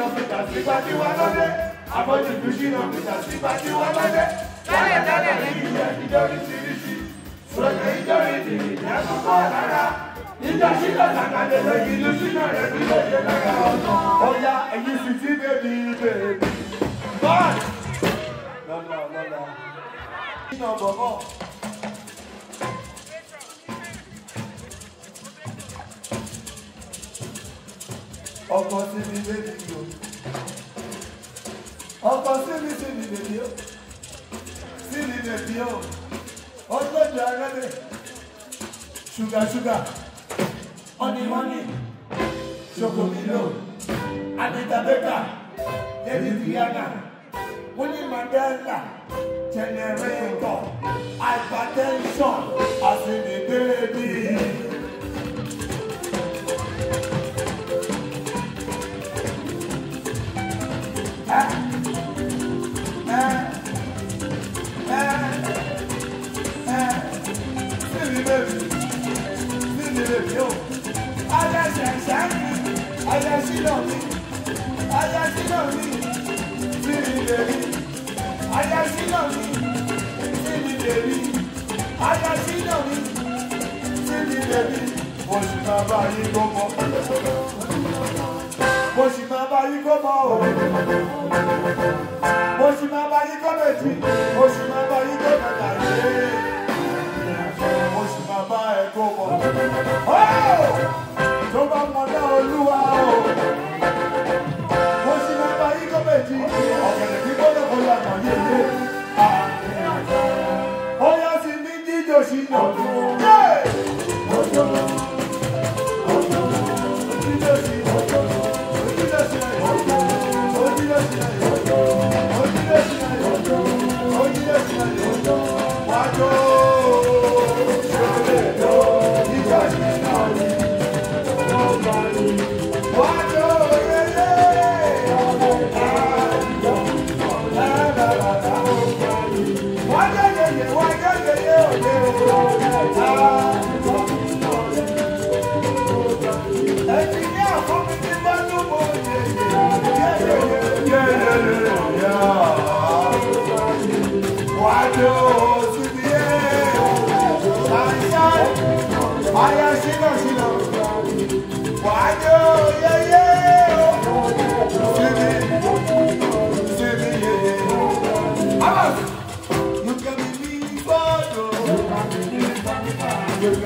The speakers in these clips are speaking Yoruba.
ṣínà pété sípàtíwá lọ́dẹ àbójútó ṣínà pété sípàtíwá lọ́dẹ tẹ́lẹ̀ tẹ́lẹ̀ ní ìyẹn ìjọ oríṣiríṣi sọ̀rọ̀ ìjọ ìdìrì ìyá kókó rárá ìjọ ṣínà sàkàdé lẹ́yìn ìlú ṣínà rẹ̀ bí lóye lára ọ̀tọ̀ ọ̀yà ẹ̀yìn sì ti bèbí bèbí. bọ́ọ̀lù lọ́lọ́ lọ́lọ́ ṣínà bọ̀bọ̀. ọkọ sí mi bébí mi o ọkọ sí mi sí mi bébí o sí mi bébí o ọlọ́jà rẹ́lẹ̀ ṣúgà ṣúgà ọ̀nì mọ́nì ṣoko mílò àdìtàbẹ́kà david rihanna winnie mandela jẹnẹrétọ̀ hypertension àti nìbéèrè. aya sílọ mi aya sílọ mi sí mi lè rí aya sílọ mi sí mi lè rí aya sílọ mi sí mi lè rí mo sì máa bá yín kó mọ mo sì máa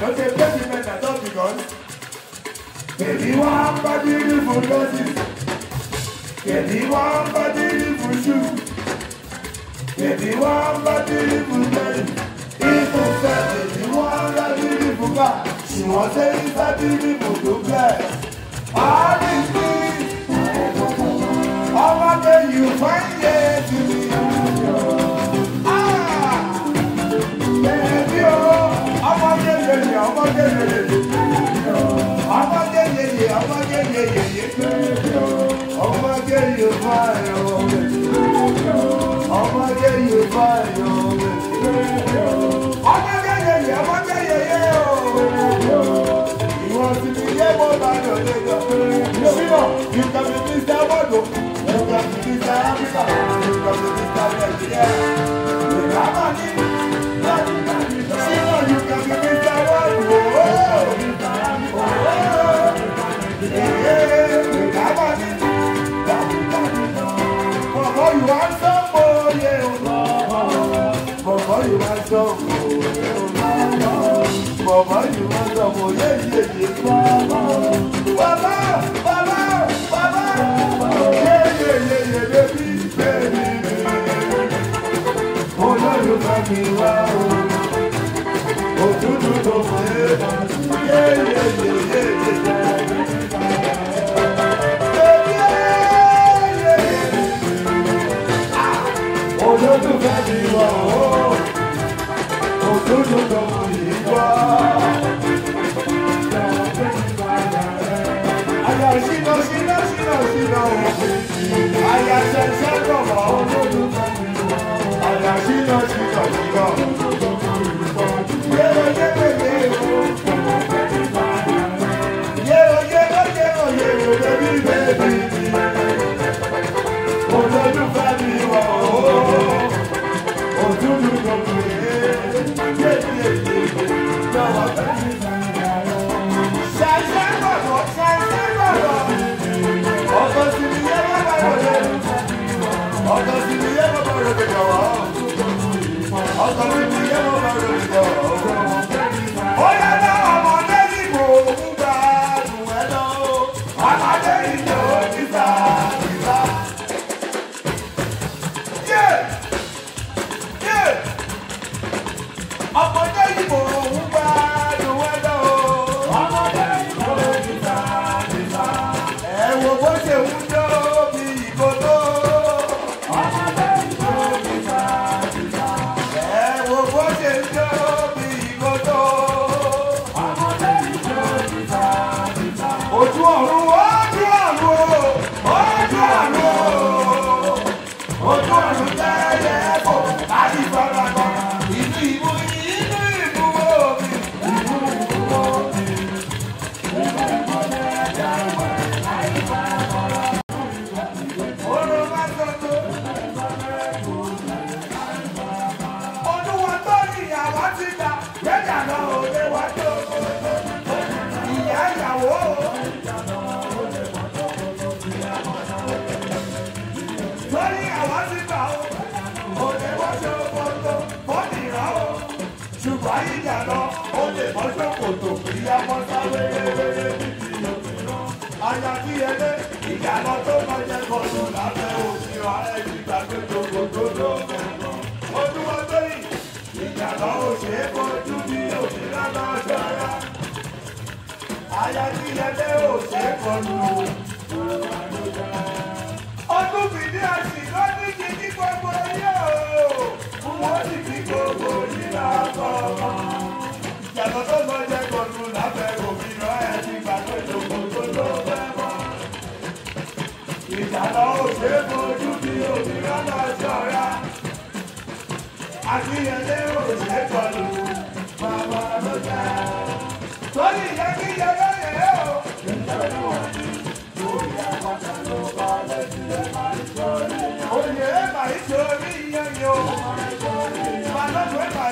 Don't say pẹ́sìmẹ́t àtọ́ bìgọ́n. Bèbí wá ń bá dídí fún lọ́sìn. Bèbí wá ń bá dídí fún ṣú. Bèbí wá ń bá dídí fún lẹ́yìn. Ibu fẹ́ bèbí wá ń bá dídí fún ká. Ṣùgbọ́n ṣé ìfẹ́ dídí fún Mama, you want to go, yeah, yeah, yeah, mama. olùkọ́ mi wá o. Òtútù tó mọ̀ ẹ́ yéyéyéyé. Olùkọ́ mi wá o. Òtútù tó mọ̀ yìí wá. Ayà sílọ̀ sílọ̀ sílọ̀ sílọ̀. Ayà sẹ́sẹ́. ọjọ́kòtò ìyàwó sáré wéréwéré títí òkìrò ajá kí ẹlé ìjàlọ tó kọjá kọlù lábẹ́ òfin ààrẹ ìgbàgbé gbogbo tó lọ́gbọ̀n ojúmọ́ sẹ́yìn ìjàlọ òṣèré kojú bí òṣèré lọ́jọ́ ara ajá kí ẹlé òṣèré kọlù ọdún fìdí àti. Oh òjẹ́ kọlù bàbá ló dá. Torí yẹ kí yẹlé yẹ o. Ìjọba wọn ni oyè àpàtà ló bá lẹ́sìn ẹ̀ máa ń sọrí. Oyè ẹ̀ máa ń sọrí yẹn yẹn o. Màlọ́dún ẹ̀ máa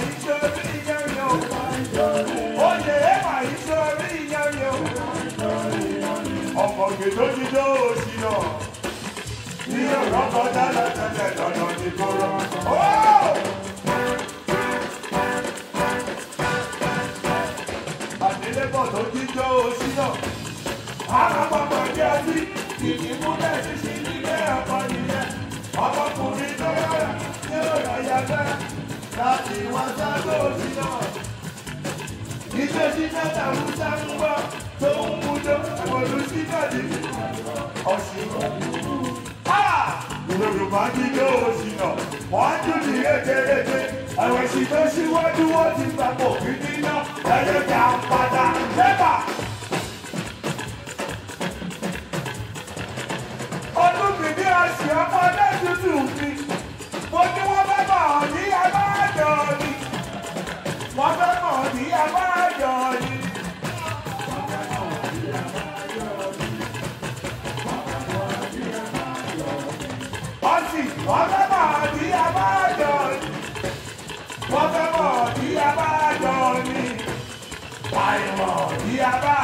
tó jíjọ́ oṣù náà. alápapọ̀ ní ọtí ìdí múlẹ̀ ṣíṣí nílé ẹ̀kọ́ nìyẹn. ọmọkùnrin tó yára ní ọ̀rọ̀ yẹgbẹ́ láti wá sábẹ́ oṣù náà. ìgbésí mẹ́ta rúṣà ń gbọ́ tó ń mú dé olùsíkàdì ọ̀sìn yorùbá jíjó òṣìnà wọ́n á dùn ní rédérédé àwọn èsì tó ṣíwájú wọ́n ti gbàgbọ́ bí níná ẹlẹ́jà padà lẹ́bà. olùbìdí àṣìá padà tútù fi ìwọ̀n bí a